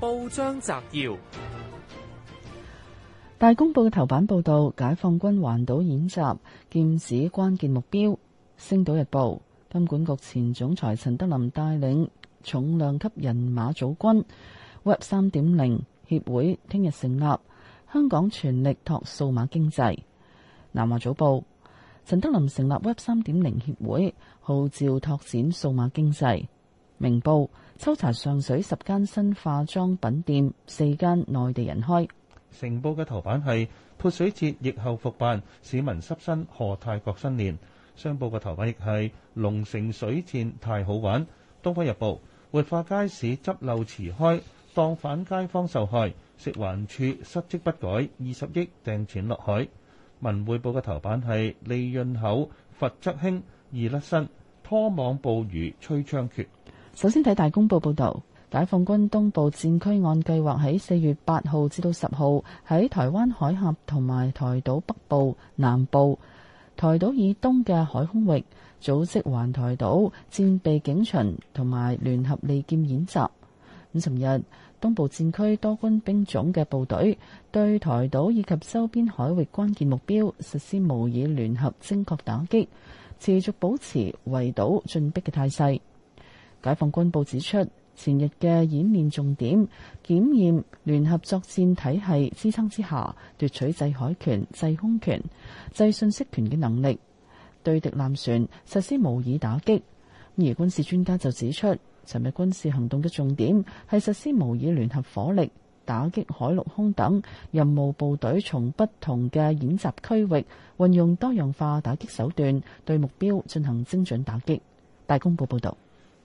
報章摘要：大公報嘅頭版報道，解放軍環島演習，劍指關鍵目標。星島日報，金管局前總裁陳德林帶領重量級人馬組軍。Web 三點零協會聽日成立，香港全力拓數碼經濟。南華早報，陳德林成立 Web 三點零協會，號召拓展數碼經濟。明報抽查上水十間新化妝品店，四間內地人開。城報嘅頭版係潑水節疫後復辦，市民濕身賀泰國新年。商報嘅頭版亦係龍城水戰太好玩。東方日報活化街市執漏遲開，檔反街坊受害。食環署失職不改，二十億掟錢落海。文匯報嘅頭版係利潤厚罰則輕，易甩身拖網捕魚吹槍決。首先睇大公報報導，解放軍東部戰區按計劃喺四月八號至到十號喺台灣海峽同埋台島北部、南部、台島以東嘅海空域組織環台島戰備警巡同埋聯合利劍演習。咁尋日，東部戰區多軍兵種嘅部隊對台島以及周邊海域關鍵目標實施模擬聯合精確打擊，持續保持圍島進逼嘅態勢。解放軍報指出，前日嘅演練重點檢驗聯合作戰體系支撐之下奪取制海權、制空權、制信息權嘅能力，對敵艦船實施模擬打擊。而軍事專家就指出，昨日軍事行動嘅重點係實施模擬聯合火力打擊海陸空等任務部隊，從不同嘅演習區域運用多樣化打擊手段對目標進行精準打擊。大公報報道。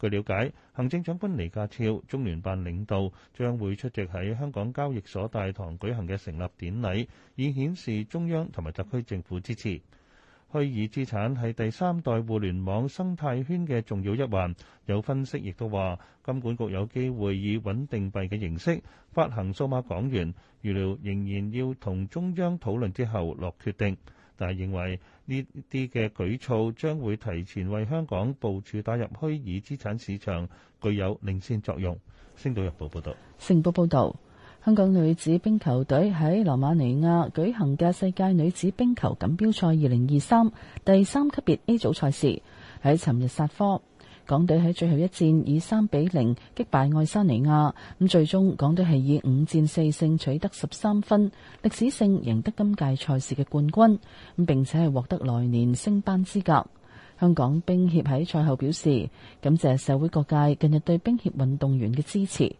據了解，行政長官尼假後，中聯辦領導將會出席喺香港交易所大堂舉行嘅成立典禮，以顯示中央同埋特區政府支持。虛擬資產係第三代互聯網生態圈嘅重要一環，有分析亦都話，金管局有機會以穩定幣嘅形式發行數碼港元，預料仍然要同中央討論之後落決定。但係認為呢啲嘅舉措將會提前為香港部署打入虛擬資產市場，具有領先作用。星島日報報道：「星報報道，香港女子冰球隊喺羅馬尼亞舉行嘅世界女子冰球錦標賽二零二三第三級別 A 組賽事，喺尋日煞科。」港隊喺最後一戰以三比零擊敗愛沙尼亞，咁最終港隊係以五戰四勝取得十三分，歷史性贏得今屆賽事嘅冠軍，並且係獲得來年升班資格。香港冰協喺賽後表示，感謝社會各界近日對冰協運動員嘅支持。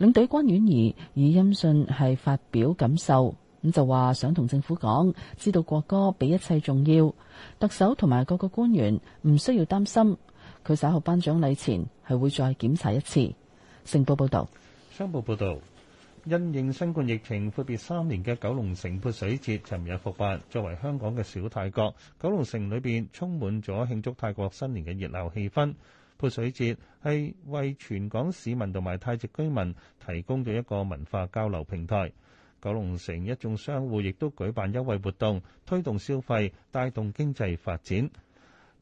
領隊關婉儀以音訊係發表感受，咁就話想同政府講，知道國歌比一切重要，特首同埋各個官員唔需要擔心。佢稍後頒獎禮前係會再檢查一次。成報報道，商報報道，因應新冠疫情闊別三年嘅九龍城潑水節，尋日復辦。作為香港嘅小泰國，九龍城裏邊充滿咗慶祝泰國新年嘅熱鬧氣氛。潑水節係為全港市民同埋泰籍居民提供咗一個文化交流平台。九龍城一眾商戶亦都舉辦優惠活動，推動消費，帶動經濟發展。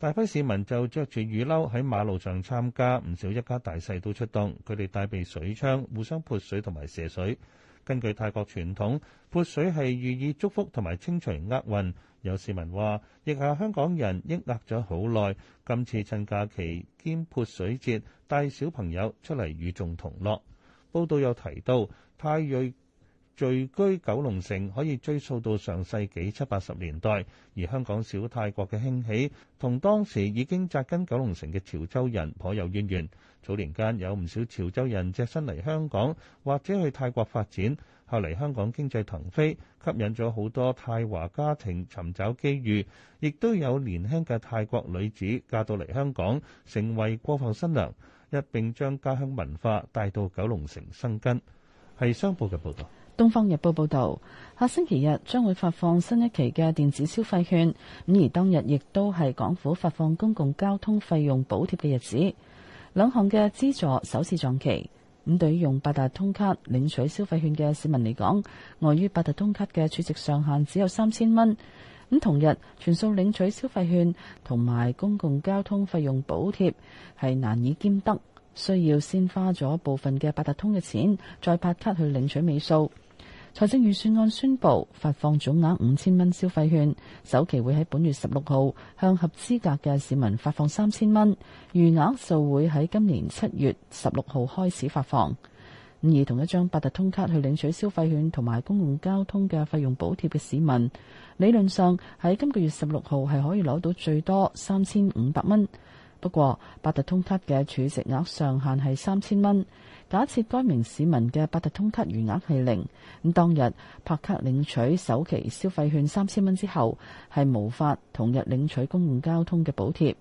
大批市民就着住雨褸喺馬路上參加，唔少一家大細都出動，佢哋帶備水槍，互相潑水同埋射水。根據泰國傳統潑水係寓意祝福同埋清除厄運，有市民話亦下香港人抑壓咗好耐，今次趁假期兼潑水節帶小朋友出嚟與眾同樂。報道又提到泰瑞。聚居九龍城可以追溯到上世紀七八十年代，而香港小泰國嘅興起，同當時已經扎根九龍城嘅潮州人頗有淵源。早年間有唔少潮州人隻身嚟香港或者去泰國發展，後嚟香港經濟騰飛，吸引咗好多泰華家庭尋找機遇，亦都有年輕嘅泰國女子嫁到嚟香港，成為過埠新娘，一並將家鄉文化帶到九龍城生根。係商報嘅報導。《東方日報》報導，下星期日將會發放新一期嘅電子消費券，咁而當日亦都係港府發放公共交通費用補貼嘅日子，兩項嘅資助首次撞期。咁對於用八達通卡領取消費券嘅市民嚟講，礙於八達通卡嘅儲值上限只有三千蚊，咁同日全數領取消費券同埋公共交通費用補貼係難以兼得，需要先花咗部分嘅八達通嘅錢，再拍卡去領取尾數。財政預算案宣布，發放總額五千蚊消費券，首期會喺本月十六號向合資格嘅市民發放三千蚊，餘額就會喺今年七月十六號開始發放。而同一張八達通卡去領取消費券同埋公共交通嘅費用補貼嘅市民，理論上喺今個月十六號係可以攞到最多三千五百蚊。不過，八達通卡嘅儲值額上限係三千蚊。假設該名市民嘅八達通卡餘額係零，咁當日拍卡領取首期消費券三千蚊之後，係無法同日領取公共交通嘅補貼。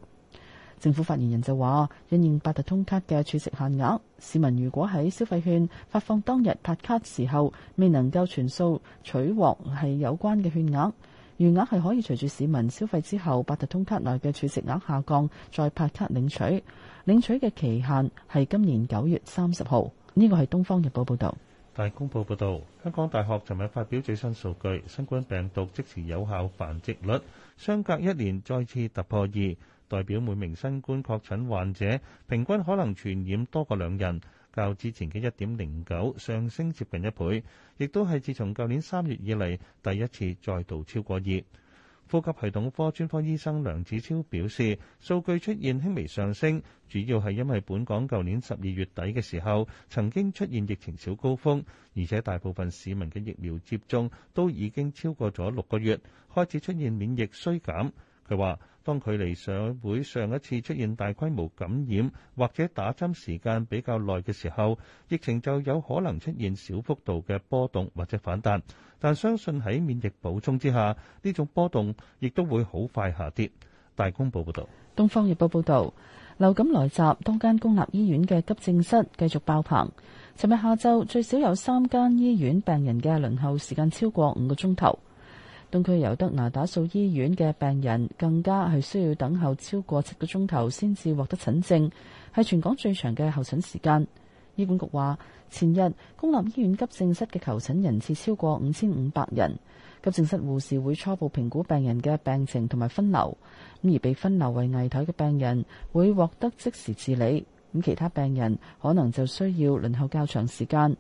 政府發言人就話，因應八達通卡嘅儲值限額，市民如果喺消費券發放當日拍卡時候，未能夠全數取獲，係有關嘅券額。餘額係可以隨住市民消費之後，八達通卡內嘅儲值額下降，再拍卡領取。領取嘅期限係今年九月三十號。呢個係《東方日報》報導。大公報報導，香港大學尋日發表最新數據，新冠病毒即時有效繁殖率相隔一年再次突破二，代表每名新冠確診患者平均可能傳染多過兩人。較之前嘅一點零九上升接近一倍，亦都係自從舊年三月以嚟第一次再度超過二。呼吸系統科專科醫生梁子超表示，數據出現輕微上升，主要係因為本港舊年十二月底嘅時候曾經出現疫情小高峰，而且大部分市民嘅疫苗接種都已經超過咗六個月，開始出現免疫衰減。佢話。當距離上會上一次出現大規模感染或者打針時間比較耐嘅時候，疫情就有可能出現小幅度嘅波動或者反彈。但相信喺免疫補充之下，呢種波動亦都會好快下跌。大公報報道，東方日報報道，流感來襲，多間公立醫院嘅急症室繼續爆棚。尋日下晝最少有三間醫院病人嘅輪候時間超過五個鐘頭。東區尤德那打素醫院嘅病人更加係需要等候超過七個鐘頭先至獲得診症，係全港最長嘅候診時間。醫管局話，前日公立醫院急症室嘅求診人次超過五千五百人，急症室護士會初步評估病人嘅病情同埋分流。咁而被分流為危殆嘅病人會獲得即時治理，咁其他病人可能就需要輪候較長時間。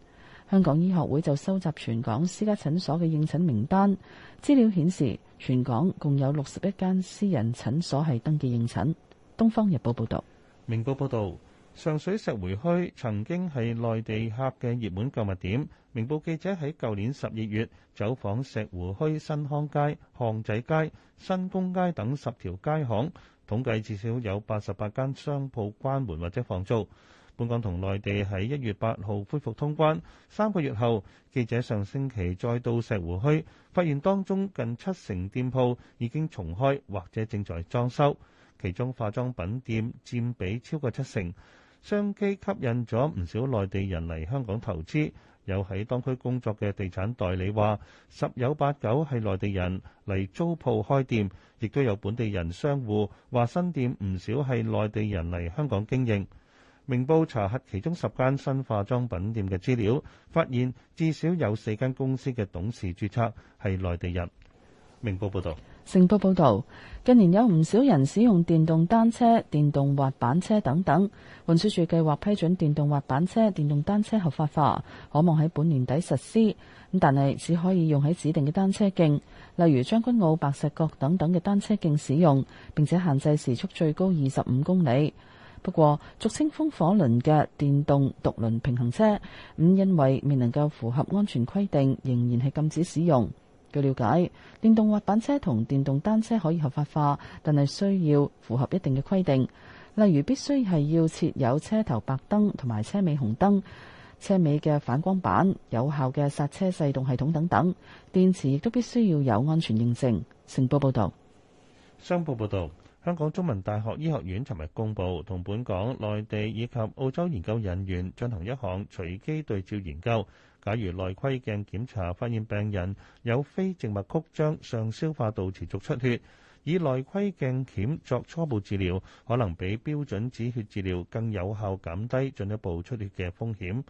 香港醫學會就收集全港私家診所嘅應診名單，資料顯示全港共有六十一間私人診所係登記應診。《東方日報》報道，《明報》報道，上水石湖墟曾經係內地客嘅熱門購物點。明報記者喺舊年十二月走訪石湖墟新康街、巷仔街、新公街等十條街巷，統計至少有八十八間商鋪關門或者放租。本港同內地喺一月八號恢復通關，三個月後，記者上星期再到石湖墟，發現當中近七成店鋪已經重開或者正在裝修，其中化妝品店佔比超過七成。商機吸引咗唔少內地人嚟香港投資。有喺當區工作嘅地產代理話：十有八九係內地人嚟租鋪開店，亦都有本地人商戶話新店唔少係內地人嚟香港經營。明報查核其中十間新化妝品店嘅資料，發現至少有四間公司嘅董事注冊係內地人。明報報道，成報報道，近年有唔少人使用電動單車、電動滑板車等等。運輸處計劃批准電動滑板車、電動單車合法化，可望喺本年底實施。但係只可以用喺指定嘅單車徑，例如將軍澳、白石角等等嘅單車徑使用，並且限制時速最高二十五公里。不過，俗稱風火輪嘅電動獨輪平衡車，唔因為未能夠符合安全規定，仍然係禁止使用。據了解，電動滑板車同電動單車可以合法化，但係需要符合一定嘅規定，例如必須係要設有車頭白燈同埋車尾紅燈、車尾嘅反光板、有效嘅剎車制動系統等等，電池亦都必須要有安全認證。成報報道，商報報道。香港中文大學醫學院尋日公布，同本港、內地以及澳洲研究人員進行一項隨機對照研究。假如內窺鏡檢查發現病人有非靜脈曲張上消化道持續出血，以內窺鏡鉗作初步治療，可能比標準止血治療更有效減低進一步出血嘅風險。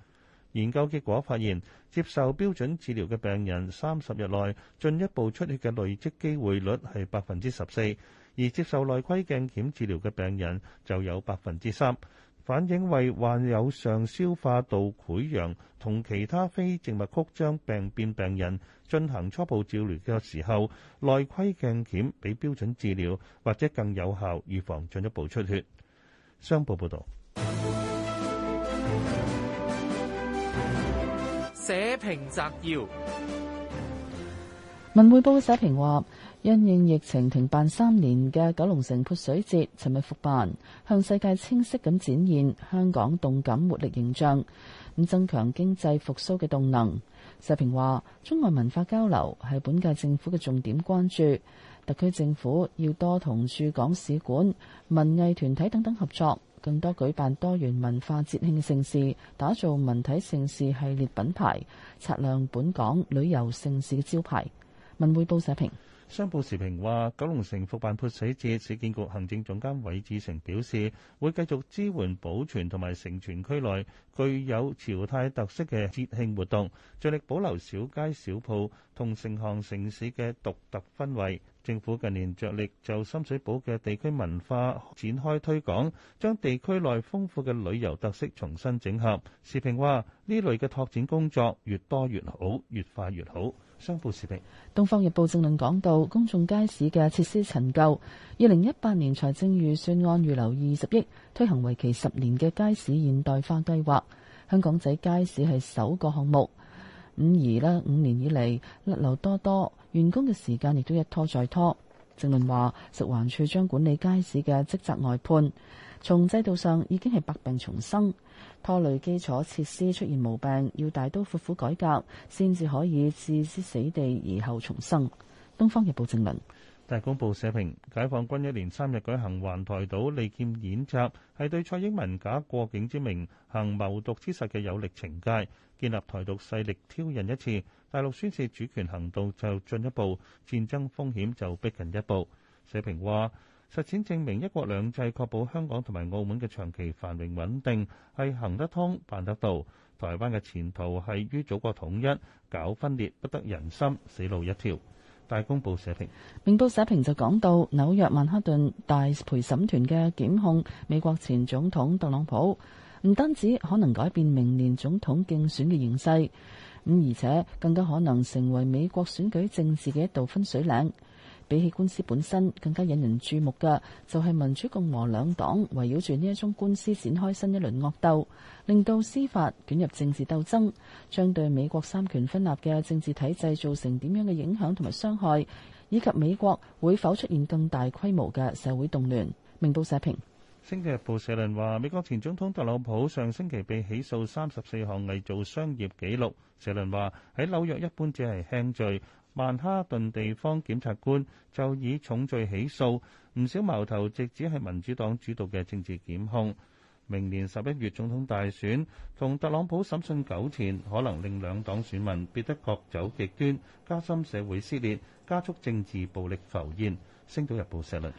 研究結果發現，接受標準治療嘅病人三十日內進一步出血嘅累積機會率係百分之十四。而接受內窺鏡檢治療嘅病人就有百分之三，反映為患有上消化道潰瘍同其他非靜脈曲張病變病人進行初步治療嘅時候，內窺鏡檢比標準治療或者更有效預防進一步出血。商報報道：社評摘要。文匯報社評話，因應疫情停辦三年嘅九龍城潑水節尋日復辦，向世界清晰咁展現香港動感活力形象，咁增強經濟復甦嘅動能。社評話，中外文化交流係本屆政府嘅重點關注，特區政府要多同駐港使館文藝團體等等合作，更多舉辦多元文化節慶盛事，打造文體盛事系列品牌，擦亮本港旅遊盛事嘅招牌。文匯報社評，商報時評話，九龍城復辦潑水節，市建局行政總監韋志成表示，會繼續支援保存同埋承傳區內具有潮泰特色嘅節慶活動，着力保留小街小鋪同成行成市嘅獨特氛圍。政府近年着力就深水埗嘅地區文化展開推廣，將地區內豐富嘅旅遊特色重新整合。視平話呢類嘅拓展工作越多越好，越快越好。相互視平。《東方日報正論》講到，公眾街市嘅設施陳舊，二零一八年財政預算案預留二十億推行為期十年嘅街市現代化計劃，香港仔街市係首個項目。五而咧，五年以嚟甩漏多多，員工嘅時間亦都一拖再拖。正論話，食環署將管理街市嘅職責外判，從制度上已經係百病叢生，拖累基礎設施出現毛病，要大刀闊斧改革，先至可以置之死地而後重生。《東方日報》證明正論。《大公報》社評，解放軍一連三日舉行環台島利劍演習，係對蔡英文假過境之名行謀獨之實嘅有力懲戒，建立台獨勢力挑釁一次，大陸宣示主權行動就進一步，戰爭風險就逼近一步。社評話實踐證明一國兩制確保香港同埋澳門嘅長期繁榮穩定係行得通、辦得到。台灣嘅前途繫於祖國統一，搞分裂不得人心，死路一條。大公報社評，明報社評就講到紐約曼哈頓大陪審團嘅檢控美國前總統特朗普，唔單止可能改變明年總統競選嘅形勢，咁而且更加可能成為美國選舉政治嘅一道分水嶺。比起官司本身更加引人注目嘅，就係民主共和兩黨圍繞住呢一宗官司展開新一輪惡鬥，令到司法捲入政治鬥爭，將對美國三權分立嘅政治體制造成點樣嘅影響同埋傷害，以及美國會否出現更大規模嘅社會動亂？明報社評、星期日報社論話，美國前總統特朗普上星期被起訴三十四項偽造商業紀錄，社論話喺紐約一般只係輕罪。曼哈頓地方檢察官就以重罪起訴，唔少矛頭直指係民主黨主導嘅政治檢控。明年十一月總統大選同特朗普審訊糾纏，可能令兩黨選民變得各走極端，加深社會撕裂，加速政治暴力浮現。星島日報社論。